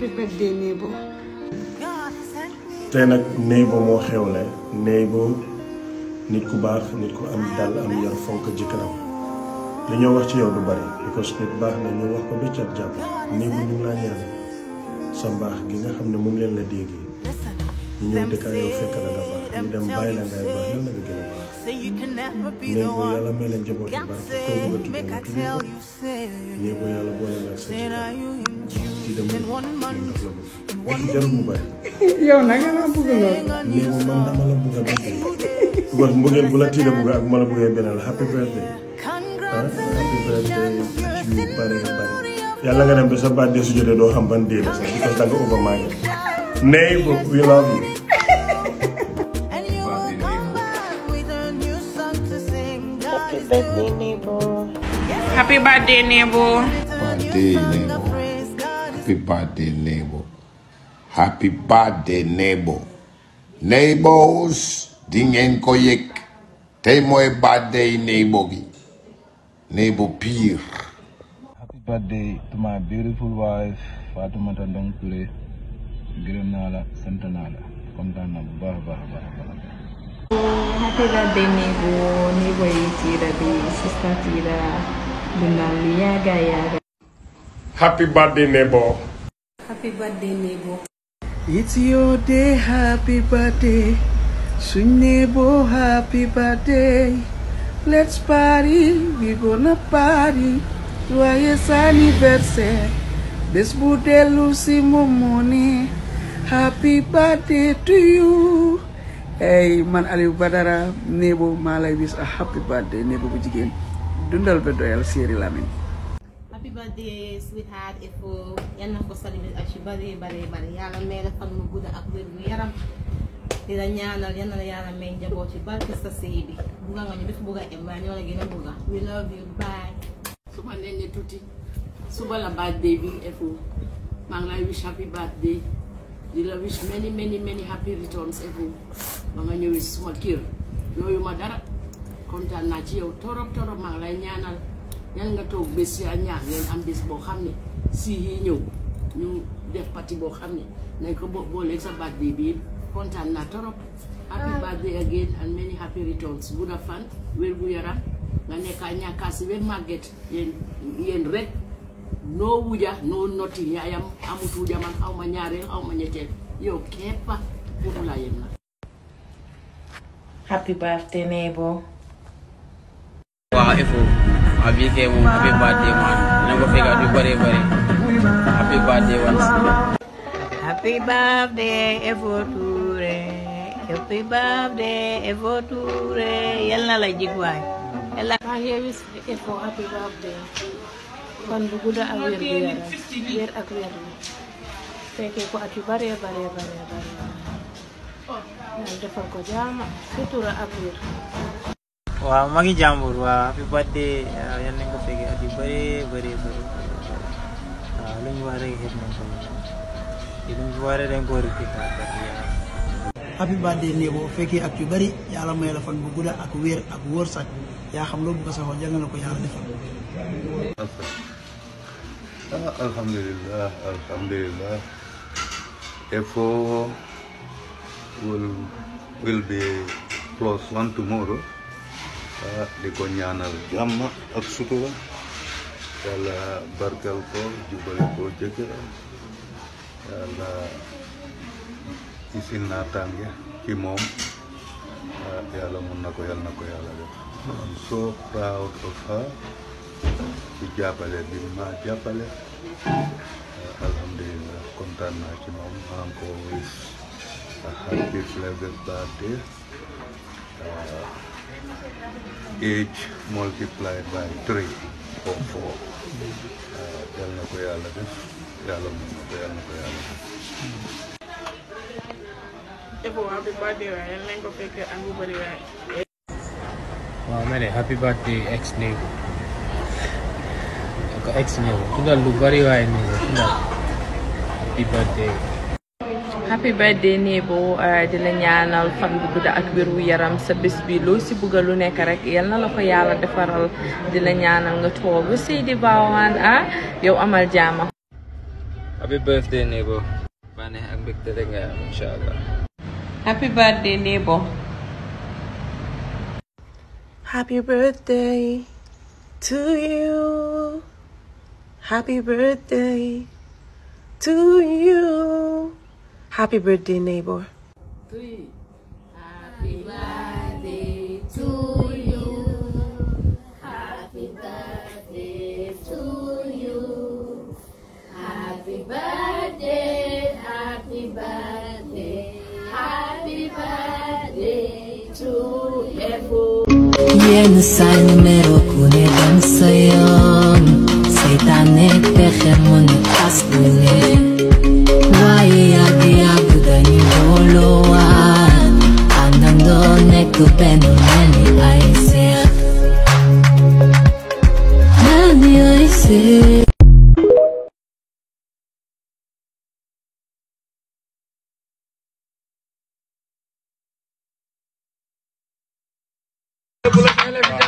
te nag Neighbour moo xewle Neighbour nit ku baax nit ku am dal am yar fonk jëkkëram li ñoo wax ci yow bu bari because nit baax na wax ko ba ca jàpp Neighbour ñu laa ñaan sa mbaax gi nga xam ne moom leen la déggee ñu ñëw dëkk ak yow baax ñu dem bàyyi nga gën a baax Neighbour yàlla may leen njaboot bu baax te toog nga nga tudd ko happy birthday happy Happy birthday, neighbor. Happy birthday, neighbor. Happy birthday, neighbor. Neighbors, dingen koyek. Te e birthday, neighbor. Neighbor peer. Happy birthday to my beautiful wife, Fatima Tandong Kure. Gërëm naa la, sant bah bah Kontaan naa bu Happy birthday, neighbor. Neighbor yi tiira bi, sister tiira. Dundal lu yaaga yaaga. Happy birthday, neighbor. Happy birthday, neighbor. It's your day, happy birthday. Swing neighbor, happy birthday. Let's party, we gonna party. Joyeux anniversaire. Bés bu dellu si moomu happy birthday to you. hey man Aliou Badara Nébo maa lay wis a happy birthday Nébo bu jigéen dundal ba doyal Séeri Lamine birthdays we had it for ko salimit at yu bari bari bari yàlla may la mu gudda ak wér yaram di la ñaanal yan na yàlla may njaboot ci barke sa sëy bi bugga nga ñu def bugga em waaye ñoo la gën a bugga we love you bye suba nee ne tuuti suba la birthday bi efo eh, maa ngi lay wish happy birthday di la wish many many many happy returns efo eh, ba nga ñëwee suma kër yooyu dara kontaan naa ci yow torop torop maa ngi lay ñaanal ñan nga tok bes yaa ñaar ngeen am bes bo xamni si yi ñew ñu def parti bo xamni ne nañ ko bo sa baat bi bii kontaan torop happy ah. birthday again and many happy returns buna fan wer bu yara nga nekkaa ñaka ci wer market yeen yeen rek no wuja no noti yaayam amut wuja man xaw ma ñaareel xaw ma pour la yem na happy birthday neighbor wow, Happy kay moom happy birthday man dina ko fekk at yu bare bare happy birthday once happy birthday Efo Touré happy birthday Efo Touré yal na la jig waay yal na here is Efo happy birthday fan bu gudda ak wér gu yaram wér ak wér gu fekkee ko at yu bare bare bare bare defal ko wa magi jambur wa happy birthday ya, yanne ko fege adi bare bare bare lu ngi waré hit nañ ko lu ngi waré dañ ko ri rikita happy birthday ni bo fekke ak yu bari yalla may la fan bu gudda ak wer ak wor sak ya xam lo bu ko saxo jangal ko yalla defal alhamdulillah alhamdulillah efo will will be close one tomorrow Eh, di konyana ñaanal ak sutura yalla barkal ko jubale ko jëkkëram yalla isin na tànge ci ya, moom eh, yàlla ya, mun na ko def I'm so ya. proud of her Di jàppale di ma jabale. Eh, alhamdulillah kontan na ci mom am ko wish a happy flavored birthday eight multiplied by three or four uh, yal na ko yàlla def yàlla mën na ko yal na ko yàlla def happy birthday waay yal nañ ko fekkee ak bu bëri waay waaw ma ne happy birthday ex néegu ko ex néegu ku dal lu bëri waay néegu ku dal happy birthday happy birthday Nebo eh, di la ñaanal fan bu gudda ak wiru yaram sa bes bi loo si bëgg lu nekk rek yal na la ko yalla defaral di la ñaanal nga toog Seydi Bawane ah yow amal jaama. happy birthday Nebo. bané ak mbégte rek nga am allah. happy birthday Nebo. happy birthday to you. happy birthday to you. Happy birthday, neighbor. Three. Happy birthday to you. Happy birthday to you. Happy birthday, happy birthday, happy birthday to you. Yen ينسى نمرك dam يوم سيطانك تخر من أصلي ويا any holo andando neko peno many I see many I see Bullet, bullet, bullet,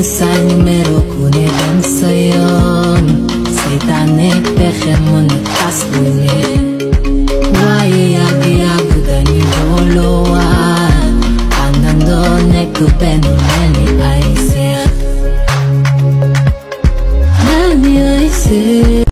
الإنسان ميروكوني أنسيان سيطاني بخمون تسلوني واي يابي أبداني بولوا andando nekto penu meni aisea Meni aisea